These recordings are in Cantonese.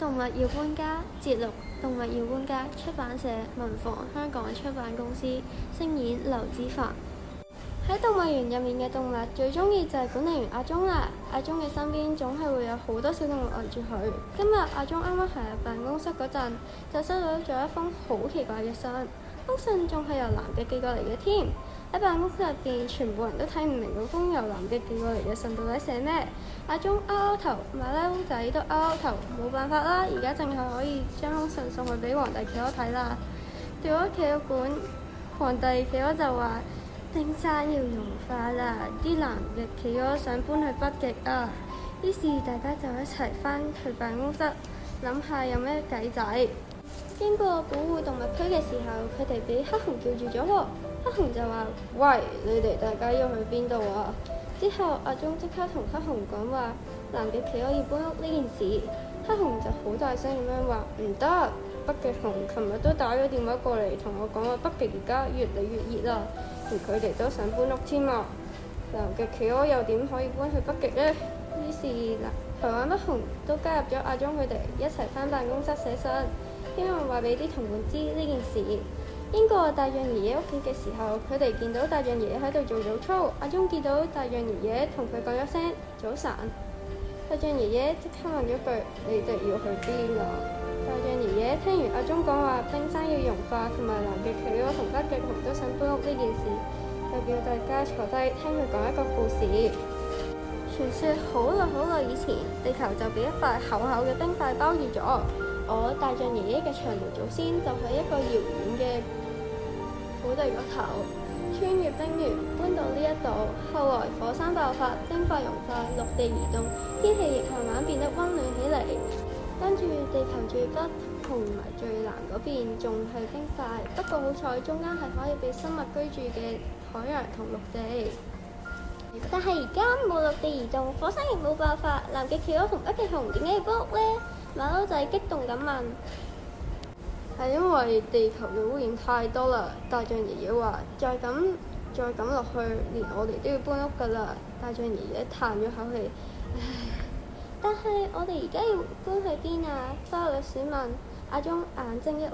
動物要搬家，節錄《動物要搬家》出版社：文房香港出版公司，聲演：劉姿汎。喺動物園入面嘅動物最中意就係管理員阿忠啦，阿忠嘅身邊總係會有好多小動物圍住佢。今日阿忠啱啱行入辦公室嗰陣，就收到咗一封好奇怪嘅信。封信仲係由南嘅寄過嚟嘅添，喺辦公室入邊，全部人都睇唔明嗰封由南嘅寄過嚟嘅信到底寫咩，阿鐘拗拗頭，馬騮仔都拗拗頭，冇辦法啦，而家淨係可以將封信送去俾皇帝企鵝睇啦。到咗企鵝館，皇帝企鵝就話冰山要融化啦，啲南嘅企鵝想搬去北極啊，於是大家就一齊翻去辦公室諗下有咩計仔。經過保護動物區嘅時候，佢哋俾黑熊叫住咗。黑熊就話，喂，你哋大家要去邊度啊？之後阿忠即刻同黑熊講話：南極企鵝要搬屋呢件事，黑熊就好大聲咁樣話：唔得，北極熊琴日都打咗電話過嚟同我講，話北極而家越嚟越熱啦，連佢哋都想搬屋添啊。南極企鵝又點可以搬去北極呢？於是南台灣黑熊都加入咗阿忠佢哋一齊返辦公室寫信。希望話俾啲同伴知呢件事。經過大象爺爺屋企嘅時候，佢哋見到大象爺爺喺度做早操。阿忠見到大象爺爺同佢講咗聲早晨。大象爺爺即刻問咗句：你哋要去邊啊？大象爺爺聽完阿忠講話，冰山要融化同埋南極企鵝同北極熊都想搬屋呢件事，就叫大家坐低聽佢講一個故事。傳說好耐好耐以前，地球就俾一塊厚厚嘅冰塊包住咗。我大象爺爺嘅長毛祖先就喺一個遙遠嘅土地嗰頭，穿越冰原搬到呢一度。後來火山爆發，冰塊融化，陸地移動，天氣亦慢慢變得溫暖起嚟。跟住地球最北同埋最南嗰邊仲係冰塊，不過好彩中間係可以俾生物居住嘅海洋同陸地。但係而家冇陸地移動，火山亦冇爆發，南極企鵝同北極熊點解唔呢？馬騮仔激動咁問：係因為地球嘅污染太多啦。大象爺爺話：再咁再咁落去，連我哋都要搬屋噶啦。大象爺爺嘆咗口氣：唉。但係我哋而家要搬去邊啊？花栗鼠問。阿忠眼睛一亮：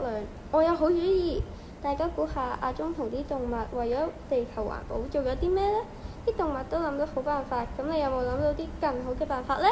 我有好主意。大家估下，阿忠同啲動物為咗地球環保做咗啲咩呢？啲動物都諗到好辦法，咁你有冇諗到啲更好嘅辦法呢？